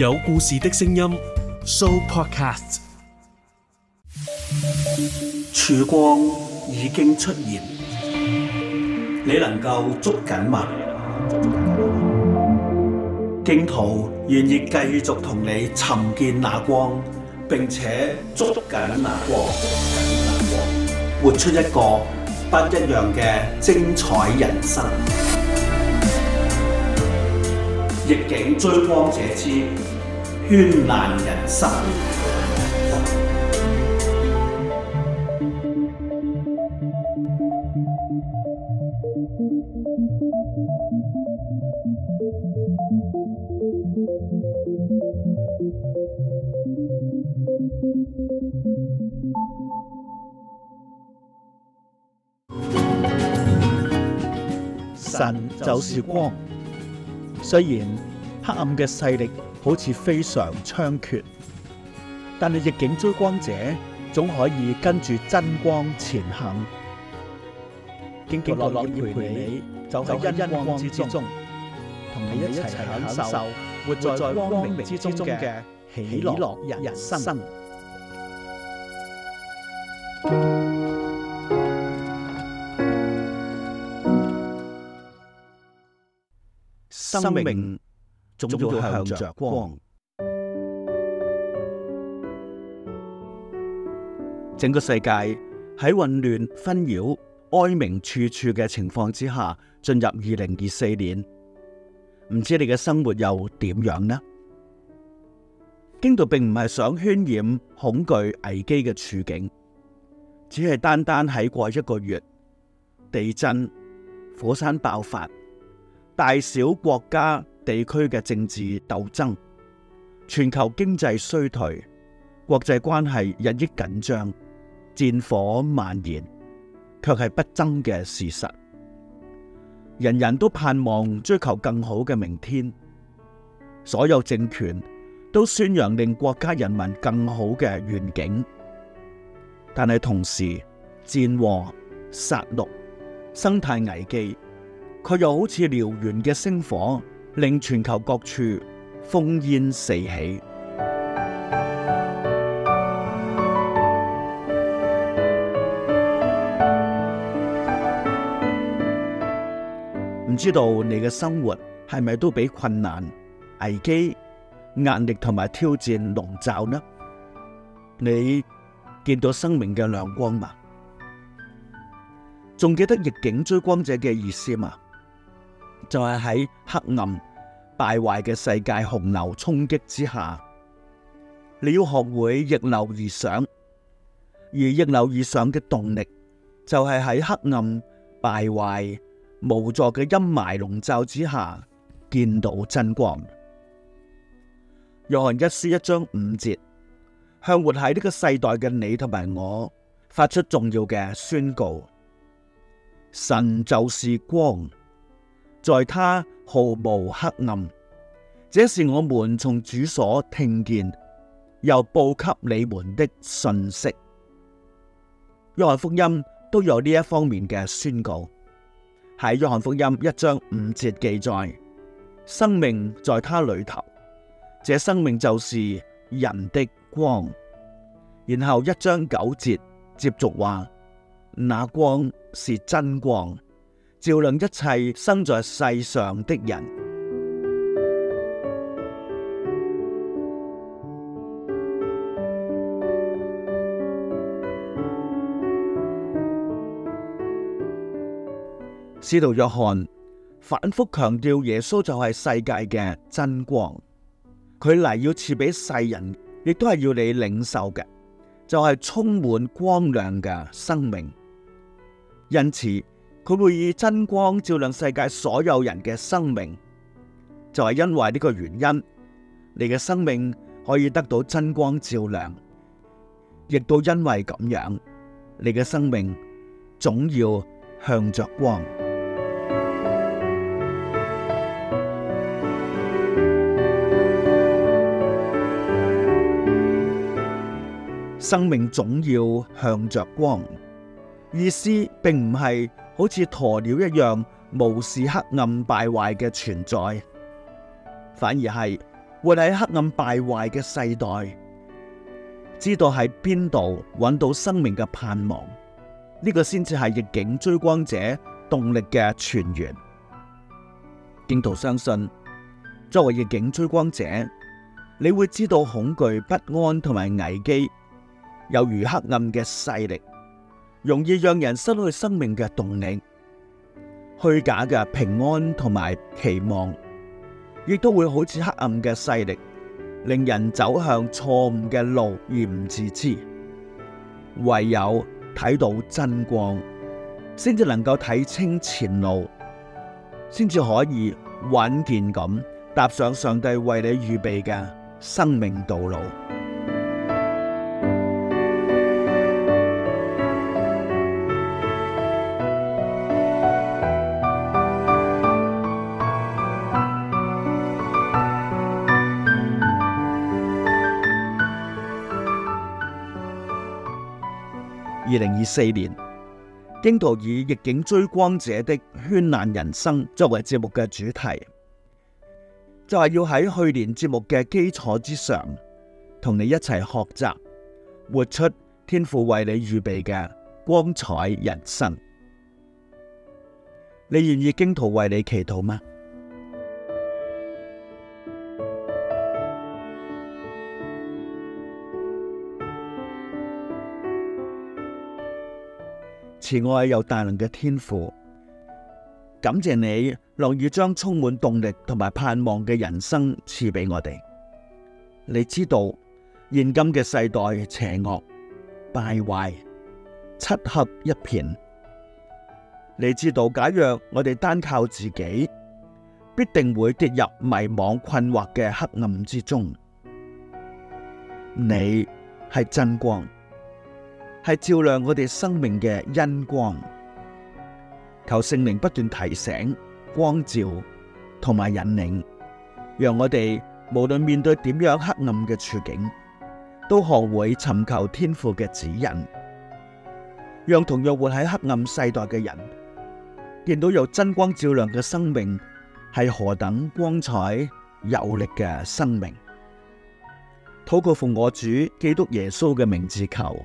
有故事的聲音，Sooo Podcast。曙光已經出現，你能夠捉緊嗎？荊徒願意繼續同你尋見那光，並且捉緊那光，活出一個不一樣嘅精彩人生。逆境追光者之絢爛人生，神就是光，雖然，黑暗嘅勢力好似非常猖獗，但係逆境追光者總可以跟住真光前行。荊徒樂意陪你，走喺恩光之中，同你一齊享受活在光明之中嘅喜樂人生。生命。總要向着光。整個世界喺混亂、紛擾、哀鳴處處嘅情況之下，進入二零二四年，唔知你嘅生活又點樣呢？荊徒並唔係想渲染恐懼、危機嘅處境，只係單單喺過一個月，地震、火山爆發，大小國家。地區嘅政治鬥爭、全球經濟衰退、國際關係日益緊張、戰火蔓延，卻係不爭嘅事實。人人都盼望追求更好嘅明天，所有政權都宣揚令國家人民更好嘅願景。但係同時，戰禍、殺戮、生態危機，佢又好似燎原嘅星火。令全球各處烽煙四起。唔知道你嘅生活係咪都俾困難、危機、壓力同埋挑戰籠罩呢？你見到生命嘅亮光嗎？仲記得逆境追光者嘅意思嗎？就係、是、喺黑暗敗壞嘅世界洪流衝擊之下，你要學會逆流而上，而逆流而上嘅動力就係喺黑暗敗壞，壞無助嘅陰霾籠罩之下見到真光。約翰一書一章五節向活喺呢個世代嘅你同埋我發出重要嘅宣告：神就是光。在他毫無黑暗，這是我們從主所聽見，又報給你們的信息。約翰福音都有呢一方面嘅宣告，喺約翰福音一章五節記載，生命在他裏頭，這生命就是人的光。然後一章九節，接住話，那光是真光。照亮一切生在世上的人。使徒約翰反覆強調耶穌就係世界嘅真光，佢嚟要賜俾世人，亦都係要你領受嘅，就係充滿光亮嘅生命。因此。佢會以真光照亮世界所有人嘅生命，就係因為呢個原因，你嘅生命可以得到真光照亮，亦都因為咁樣，你嘅生命總要向着光。生命總要向着光，意思並唔係。好似鴕鳥一樣無視黑暗敗壞嘅存在，反而係活喺黑暗敗壞嘅世代，知道喺邊度揾到生命嘅盼望。呢、呢個先至係逆境追光者動力嘅泉源。荊徒相信，作為逆境追光者，你會知道恐懼、不安同埋危機，有如黑暗嘅勢力。容易讓人失去生命嘅動力。虛假嘅平安同埋期望，亦都會好似黑暗嘅勢力，令人走向錯誤嘅路而唔自知。唯有睇到真光，先至能夠睇清前路，先至可以穩健咁踏上上帝為你預備嘅生命道路。二零二四年，荊徒以逆境追光者的絢爛人生作為節目嘅主題，就係、是、要喺去年節目嘅基礎之上，同你一齊學習，活出天父為你預備嘅光彩人生。你願意荊徒為你祈禱嗎？慈愛又大能嘅天父，感謝你樂意將充滿動力同埋盼望嘅人生賜俾我哋。你知道現今嘅世代邪惡敗壞，漆黑一片。你知道假若我哋單靠自己，必定會跌入迷惘困惑嘅黑暗之中。你係真光。係照亮我哋生命嘅恩光，求聖靈不斷提醒、光照同埋引領，讓我哋無論面對點樣黑暗嘅處境，都學會尋求天父嘅指引，讓同樣活喺黑暗世代嘅人見到有真光照亮嘅生命係何等光彩、有力嘅生命。禱告奉我主基督耶穌嘅名字求。